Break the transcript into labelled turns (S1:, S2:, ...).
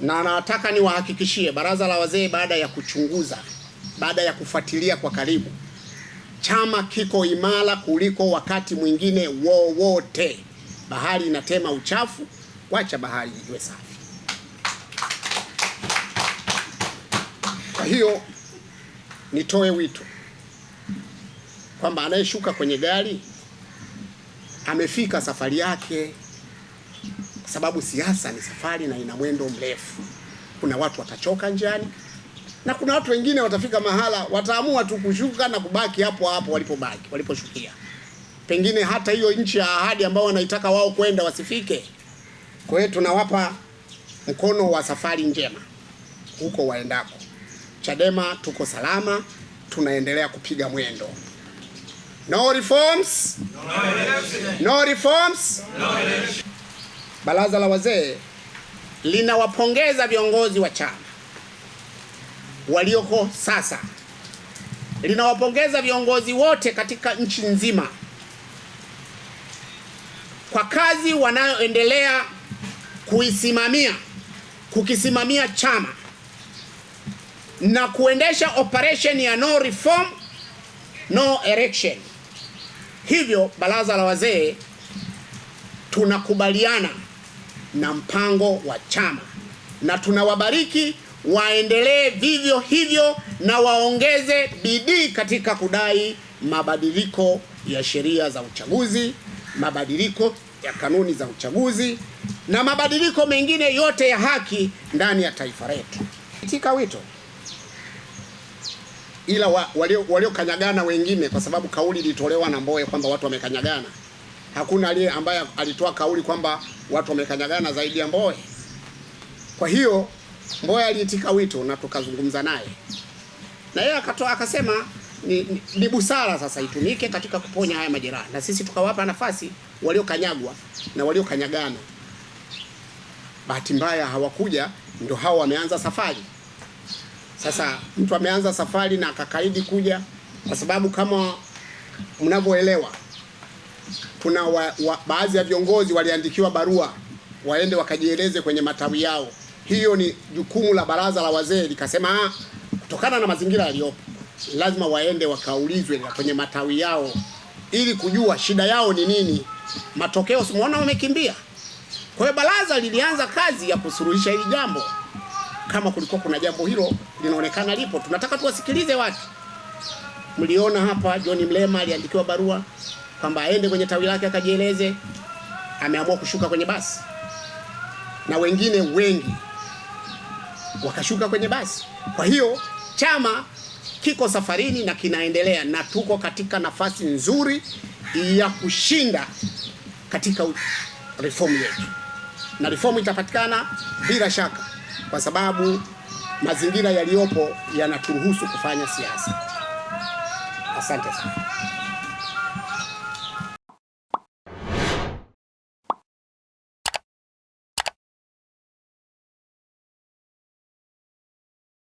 S1: na nataka niwahakikishie baraza la wazee, baada ya kuchunguza, baada ya kufuatilia kwa karibu, chama kiko imara kuliko wakati mwingine wowote. Bahari inatema uchafu, wacha bahari iwe safi. Kwa hiyo nitoe wito kwamba anayeshuka kwenye gari amefika safari yake kwa sababu siasa ni safari na ina mwendo mrefu. Kuna watu watachoka njiani na kuna watu wengine watafika mahala wataamua tu kushuka na kubaki hapo hapo walipobaki, waliposhukia. Pengine hata hiyo nchi ya ahadi ambao wanaitaka wao kwenda wasifike. Kwa hiyo tunawapa mkono wa safari njema huko waendako. Chadema tuko salama, tunaendelea kupiga mwendo. No reforms,
S2: no elections.
S1: No reforms,
S2: no elections.
S1: Baraza la wazee linawapongeza viongozi wa chama walioko sasa, linawapongeza viongozi wote katika nchi nzima kwa kazi wanayoendelea kuisimamia, kukisimamia chama na kuendesha operation ya no reform no election. Hivyo baraza la wazee tunakubaliana na mpango wa chama, na tunawabariki waendelee vivyo hivyo na waongeze bidii katika kudai mabadiliko ya sheria za uchaguzi, mabadiliko ya kanuni za uchaguzi na mabadiliko mengine yote ya haki ndani ya taifa letu. Katika wito ila wa, waliokanyagana walio wengine, kwa sababu kauli ilitolewa na Mbowe kwamba watu wamekanyagana hakuna aliye ambaye alitoa kauli kwamba watu wamekanyagana zaidi ya Mbowe. Kwa hiyo Mbowe aliitika wito na tukazungumza naye na yeye akatoa akasema ni, ni, ni busara sasa itumike katika kuponya haya majeraha, na sisi tukawapa nafasi waliokanyagwa na waliokanyagana. Bahati mbaya hawakuja, ndio hao wameanza safari sasa. Mtu ameanza safari na akakaidi kuja, kwa sababu kama mnavyoelewa kuna wa, wa, baadhi ya viongozi waliandikiwa barua waende wakajieleze kwenye matawi yao. Hiyo ni jukumu la baraza la wazee likasema, ah, kutokana na mazingira yaliyopo, lazima waende wakaulizwe kwenye matawi yao ili kujua shida yao ni nini. Matokeo simuona wamekimbia. Kwa hiyo baraza lilianza kazi ya kusuluhisha hili jambo. Kama kulikuwa kuna jambo hilo linaonekana lipo, tunataka tuwasikilize watu. Mliona hapa John Mlema aliandikiwa barua kwamba aende kwenye tawi lake akajieleze, ameamua kushuka kwenye basi, na wengine wengi wakashuka kwenye basi. Kwa hiyo chama kiko safarini na kinaendelea, na tuko katika nafasi nzuri ya kushinda katika reformu yetu, na reformu itapatikana bila shaka, kwa sababu mazingira yaliyopo yanaturuhusu kufanya siasa. Asante sana.